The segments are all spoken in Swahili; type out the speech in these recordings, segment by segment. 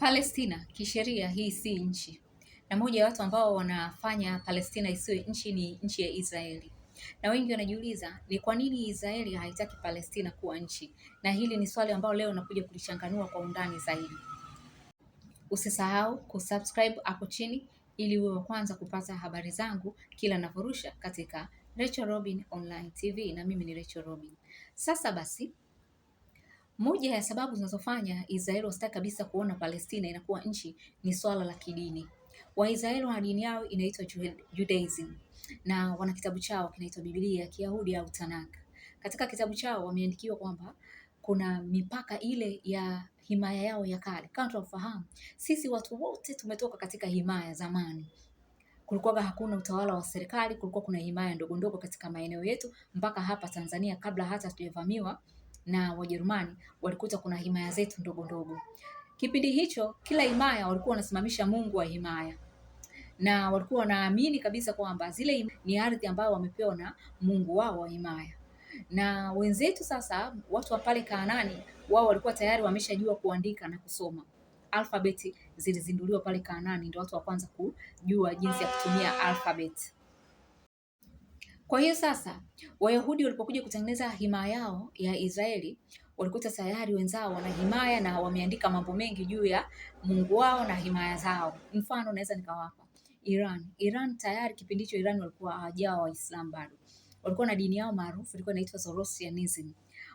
Palestina kisheria hii si nchi, na moja ya watu ambao wanafanya Palestina isiwe nchi ni nchi ya Israeli na wengi wanajiuliza ni kwa nini Israeli haitaki Palestina kuwa nchi, na hili ni swali ambalo leo nakuja kulichanganua kwa undani zaidi. Usisahau kusubscribe hapo chini ili uwe wa kwanza kupata habari zangu kila ninaporusha katika Rachel Robin Online TV, na mimi ni Rachel Robin. Sasa basi moja ya sababu zinazofanya Israeli wasitaki kabisa kuona Palestina inakuwa nchi ni swala la kidini. Waisraeli wana dini yao inaitwa Judaism na wana kitabu chao kinaitwa Biblia ya Kiyahudi au Tanakh. Katika kitabu chao wameandikiwa kwamba kuna mipaka ile ya himaya yao ya kale. Kama tunafahamu, sisi watu wote tumetoka katika himaya zamani, kulikuwa hakuna utawala wa serikali, kulikuwa kuna himaya ndogo ndogo katika maeneo yetu mpaka hapa Tanzania, kabla hata hatujavamiwa na Wajerumani walikuta kuna himaya zetu ndogo ndogo. Kipindi hicho kila himaya walikuwa wanasimamisha mungu wa himaya, na walikuwa wanaamini kabisa kwamba zile ni ardhi ambayo wamepewa na mungu wao wa himaya. Na wenzetu sasa, watu wa pale Kaanani, wao walikuwa tayari wameshajua kuandika na kusoma alfabeti zilizinduliwa pale Kaanani, ndio watu wa kwanza kujua jinsi ya kutumia alfabeti. Kwa hiyo sasa Wayahudi walipokuja kutengeneza himaya yao ya Israeli walikuta tayari wenzao wana himaya na wameandika mambo mengi juu ya Mungu wao na himaya zao. Mfano naweza nikawapa Iran. Iran tayari kipindi hicho Iran walikuwa hawajawa Waislamu bado, walikuwa na dini yao maarufu ilikuwa inaitwa Zoroastrianism.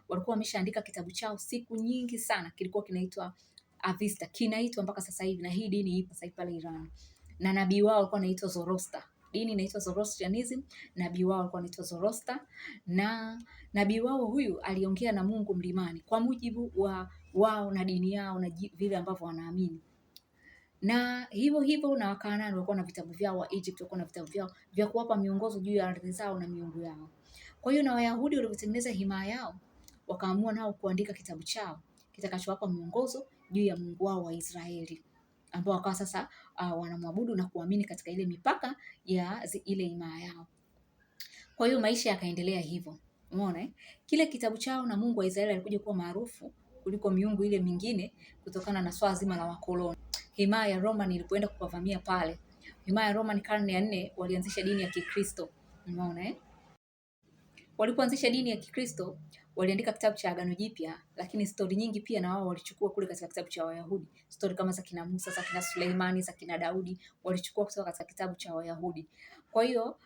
Walikuwa wameshaandika kitabu chao siku nyingi sana, kilikuwa kinaitwa Avista, kinaitwa mpaka sasa hivi, na hii dini ipo sasa hivi pale Iran, na nabii wao alikuwa anaitwa Zoroaster dini inaitwa Zoroastrianism. Nabii wao alikuwa anaitwa Zoroaster, na nabii wao huyu aliongea na Mungu mlimani kwa mujibu wa wao na dini yao na vile ambavyo wanaamini na hivyo hivyo na Wakanaani walikuwa na vitabu vyao, wa Egypt walikuwa na vitabu vyao vya kuwapa miongozo juu ya ardhi zao na miungu yao. Kwa hiyo na Wayahudi walivyotengeneza himaya yao, wakaamua nao kuandika kitabu chao kitakachowapa miongozo juu ya Mungu wao wa Israeli ambao wakawa sasa uh, wanamwabudu na kuamini katika ile mipaka ya zi, ile imaa yao. Kwa hiyo maisha yakaendelea hivyo. Umeona eh? Kile kitabu chao na Mungu wa Israeli alikuja kuwa maarufu kuliko miungu ile mingine kutokana na swala zima la wakoloni. Himaya ya Roma ilipoenda kuwavamia pale. Himaya ya Roma karne ya nne walianzisha dini ya Kikristo. Umeona eh? Walipoanzisha dini ya Kikristo waliandika kitabu cha Agano Jipya, lakini stori nyingi pia na wao walichukua kule katika kitabu cha Wayahudi. Stori kama za kina Musa, za kina Suleimani, za kina Daudi walichukua kutoka katika kitabu cha Wayahudi. Kwa hiyo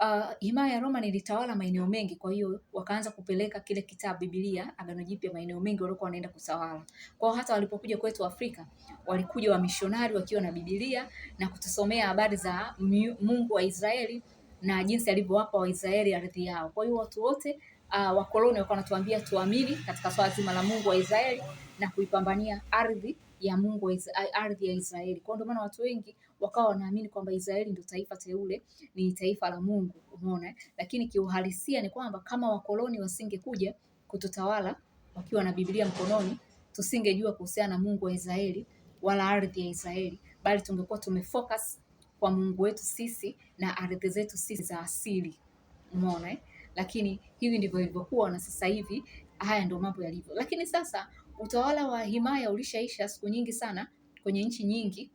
uh, himaya ya Roma ilitawala maeneo mengi, kwa hiyo wakaanza kupeleka kile kitabu Biblia, Agano Jipya, maeneo mengi walikuwa wanaenda kutawala. Kwa hata walipokuja kwetu Afrika walikuja wamishonari wakiwa na Biblia na kutusomea habari za Mungu wa Israeli na jinsi alivyowapa Waisraeli ardhi yao. Kwa hiyo watu wote uh, ah, wakoloni walikuwa wanatuambia tuamini katika swala zima la Mungu wa Israeli na kuipambania ardhi ya Mungu ardhi ya Israeli. Kwa ndio maana watu wengi wakawa wanaamini kwamba Israeli ndio taifa teule, ni taifa la Mungu, umeona? Lakini kiuhalisia ni kwamba kama wakoloni wasingekuja kututawala wakiwa na Biblia mkononi, tusingejua kuhusiana na Mungu wa Israeli wala ardhi ya Israeli, bali tungekuwa tumefocus kwa Mungu wetu sisi na ardhi zetu sisi za asili. Umeona eh? Lakini hivi ndivyo ilivyokuwa, na sasa hivi haya ndio mambo yalivyo. Lakini sasa utawala wa himaya ulishaisha siku nyingi sana kwenye nchi nyingi,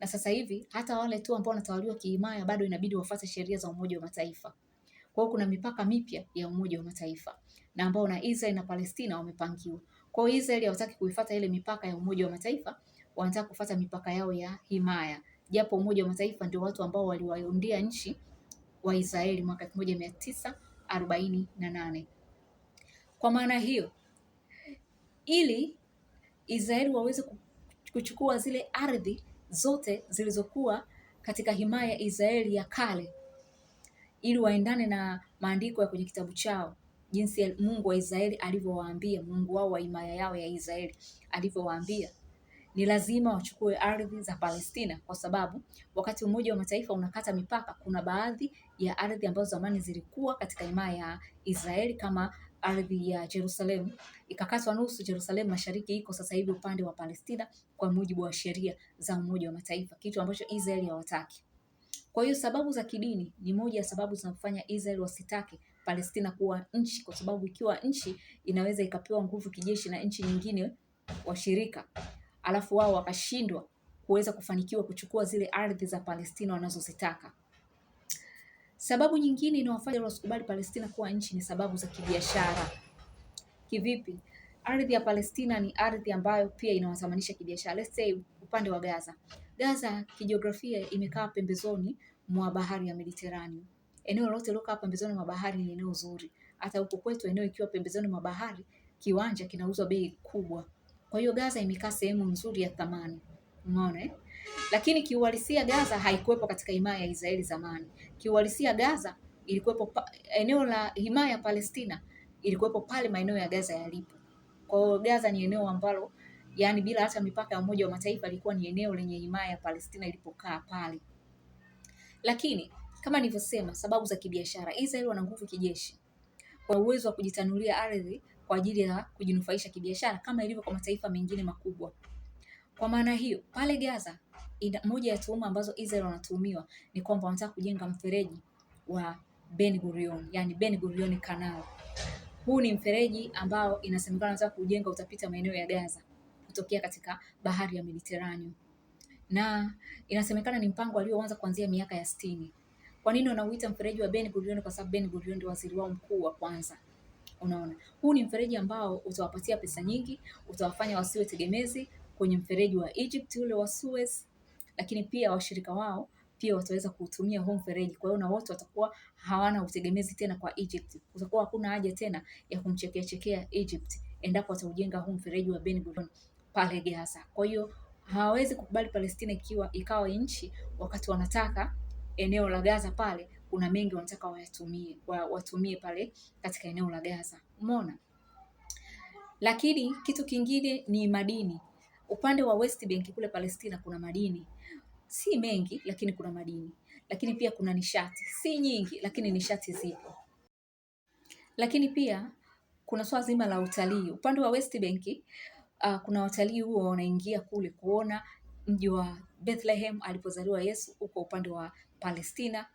na sasa hivi hata wale tu ambao wanatawaliwa kihimaya bado inabidi wafuate sheria za Umoja wa Mataifa. Kwa hiyo kuna mipaka mipya ya Umoja wa Mataifa na ambao na Israel na Palestina wamepangiwa. Kwa hiyo Israel hawataki kuifuata ile mipaka ya Umoja wa Mataifa, wanataka kufuata mipaka yao ya himaya japo Umoja wa Mataifa ndio watu ambao waliwaundia nchi wa israeli mwaka na nane Kwa maana hiyo, ili Israeli waweze kuchukua zile ardhi zote zilizokuwa katika himaya ya Israeli ya kale, ili waendane na maandiko ya kwenye kitabu chao, jinsi Mungu wa Israeli alivyowaambia, Mungu wao wa himaya yao ya Israeli alivyowaambia ni lazima wachukue ardhi za Palestina, kwa sababu wakati Umoja wa Mataifa unakata mipaka, kuna baadhi ya ardhi ambazo zamani zilikuwa katika himaya ya Israeli kama ardhi ya Jerusalemu ikakatwa nusu. Jerusalemu mashariki iko sasa hivi upande wa Palestina kwa mujibu wa sheria za Umoja wa Mataifa, kitu ambacho Israel hawataki. Kwa hiyo sababu za kidini ni moja ya sababu zinazofanya Israel wasitake Palestina kuwa nchi, kwa sababu ikiwa nchi inaweza ikapewa nguvu kijeshi na nchi nyingine washirika alafu wao wakashindwa kuweza kufanikiwa kuchukua zile ardhi za Palestina wanazozitaka. Sababu nyingine inayowafanya wasikubali Palestina kuwa nchi ni sababu za kibiashara. Kivipi? Ardhi ya Palestina ni ardhi ambayo pia inawasamanisha kibiashara. Let's say upande wa Gaza. Gaza kijiografia imekaa pembezoni mwa bahari ya Mediterania. Eneo lote lilokaa pembezoni mwa bahari ni eneo zuri. Hata huko kwetu eneo ikiwa pembezoni mwa bahari, kiwanja kinauzwa bei kubwa. Kwa hiyo Gaza imekaa sehemu nzuri ya thamani, umeona eh? Lakini kiuhalisia Gaza haikuwepo katika himaya ya Israeli zamani. Kiuhalisia Gaza ilikuwepo eneo la himaya ya Palestina ilikuwepo pale maeneo ya Gaza yalipo. Kwa hiyo Gaza ni eneo ambalo yani bila hata mipaka ya Umoja wa Mataifa ilikuwa ni eneo lenye himaya ya Palestina ilipokaa pale. Lakini kama nilivyosema, sababu za kibiashara, Israeli wana nguvu kijeshi, kwa uwezo wa kujitanulia ardhi kwa ajili ya kujinufaisha kibiashara kama ilivyo kwa mataifa mengine makubwa. Kwa maana hiyo, pale Gaza ina moja ya tuhuma ambazo Israel wanatuhumiwa ni kwamba wanataka kujenga mfereji wa Ben Gurion, yani Ben Gurion Canal. Huu ni mfereji ambao inasemekana wanataka kujenga utapita maeneo ya Gaza kutokea katika bahari ya Mediterranean, na inasemekana ni mpango alioanza kuanzia miaka ya 60. Kwa nini wanauita mfereji wa Ben Gurion? Kwa sababu Ben Gurion ndio waziri wao mkuu wa kwanza Unaona, huu ni mfereji ambao utawapatia pesa nyingi, utawafanya wasiwe tegemezi kwenye mfereji wa Egypt ule wa Suez, lakini pia washirika wao pia wataweza kuutumia huu mfereji. Kwa hiyo na wote watakuwa hawana utegemezi tena kwa Egypt, utakuwa hakuna haja tena ya kumchekea chekea Egypt endapo wataujenga huu mfereji wa Ben Gurion pale Gaza. Kwa hiyo hawawezi kukubali Palestina ikiwa ikawa nchi wakati wanataka eneo la Gaza pale kuna mengi wanataka wayatumie watumie pale katika eneo la Gaza, umeona. Lakini kitu kingine ni madini. Upande wa West Bank kule Palestina kuna madini, si mengi, lakini kuna madini. Lakini pia kuna nishati, si nyingi, lakini nishati zipo. Lakini pia kuna swala zima la utalii. Upande wa West Bank uh, kuna watalii huo wanaingia kule kuona mji wa Bethlehem alipozaliwa Yesu, huko upande wa Palestina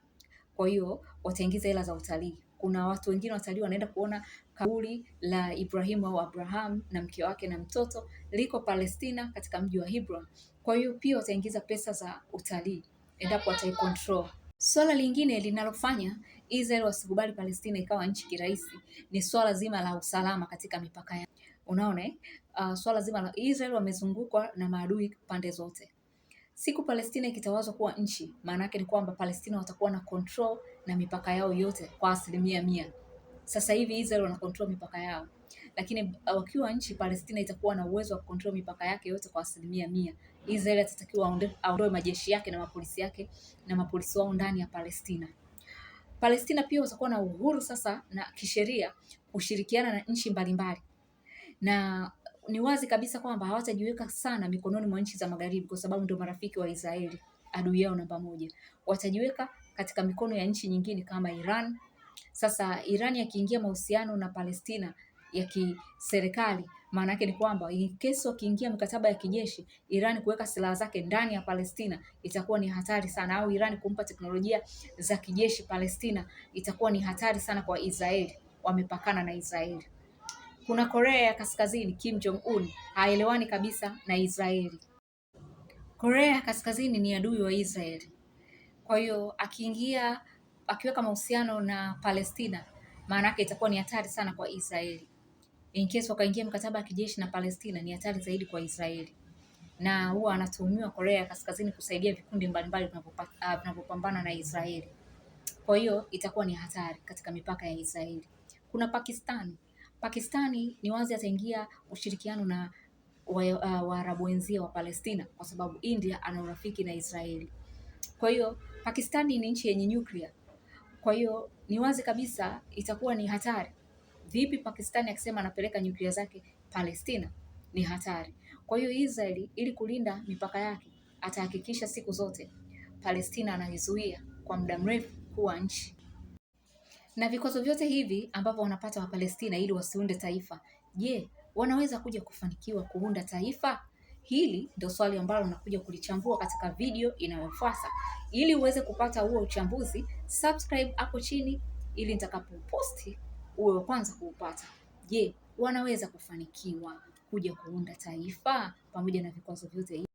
kwa hiyo wataingiza hela za utalii. Kuna watu wengine watalii wanaenda kuona kaburi la Ibrahimu au Abraham na mke wake na mtoto liko Palestina katika mji wa Hebron. Kwa hiyo pia wataingiza pesa za utalii endapo wataicontrol. Swala lingine linalofanya Israel wasikubali Palestina ikawa nchi kirahisi ni swala zima la usalama katika mipaka yao. Unaona, uh, swala zima la Israel wamezungukwa na maadui pande zote. Siku Palestina ikitawazwa kuwa nchi, maana yake ni kwamba Palestina watakuwa na control na mipaka yao yote kwa asilimia mia. Sasa hivi Israel wana control mipaka yao, lakini uh, wakiwa nchi, Palestina itakuwa na uwezo wa control mipaka yake yote kwa asilimia mia. Israel atatakiwa aondoe majeshi yake na mapolisi yake na mapolisi wao ndani ya Palestina. Palestina pia watakuwa na uhuru sasa na kisheria kushirikiana na nchi mbalimbali na ni wazi kabisa kwamba hawatajiweka sana mikononi mwa nchi za magharibi, kwa sababu ndio marafiki wa Israeli, adui yao namba moja. Watajiweka katika mikono ya nchi nyingine kama Iran. Sasa Iran yakiingia mahusiano na Palestina ya kiserikali, maana yake ni kwamba in case wakiingia mkataba ya kijeshi, Iran kuweka silaha zake ndani ya Palestina itakuwa ni hatari sana, au Iran kumpa teknolojia za kijeshi Palestina itakuwa ni hatari sana kwa Israeli. Wamepakana na Israeli kuna Korea ya Kaskazini Kim Jong Un haelewani kabisa na Israeli. Korea ya Kaskazini ni adui wa Israeli, kwa hiyo akiingia akiweka mahusiano na Palestina, maana yake itakuwa ni hatari sana kwa Israeli. In case wakaingia mkataba wa kijeshi na Palestina, ni hatari zaidi kwa Israeli, na huwa anatuhumiwa Korea ya Kaskazini kusaidia vikundi mbalimbali ah, vinavyopambana na Israeli. Kwa hiyo itakuwa ni hatari katika mipaka ya Israeli. Kuna Pakistani Pakistani ni wazi ataingia ushirikiano na uh, Waarabu uh, wenzia wa Palestina kwa sababu India ana urafiki na Israeli. Kwa hiyo Pakistani ni nchi yenye nyuklia, kwa hiyo ni wazi kabisa itakuwa ni hatari. Vipi Pakistani akisema anapeleka nyuklia zake Palestina? Ni hatari. Kwa hiyo Israeli, ili kulinda mipaka yake, atahakikisha siku zote Palestina anaizuia kwa muda mrefu kuwa nchi na vikwazo vyote hivi ambavyo wanapata Wapalestina ili wasiunde taifa, je, wanaweza kuja kufanikiwa kuunda taifa? Hili ndio swali ambalo nakuja kulichambua katika video inayofuata. Ili uweze kupata huo uchambuzi, subscribe hapo chini ili nitakapoposti uwe wa kwanza kuupata. Je, wanaweza kufanikiwa kuja kuunda taifa pamoja na vikwazo vyote hivi?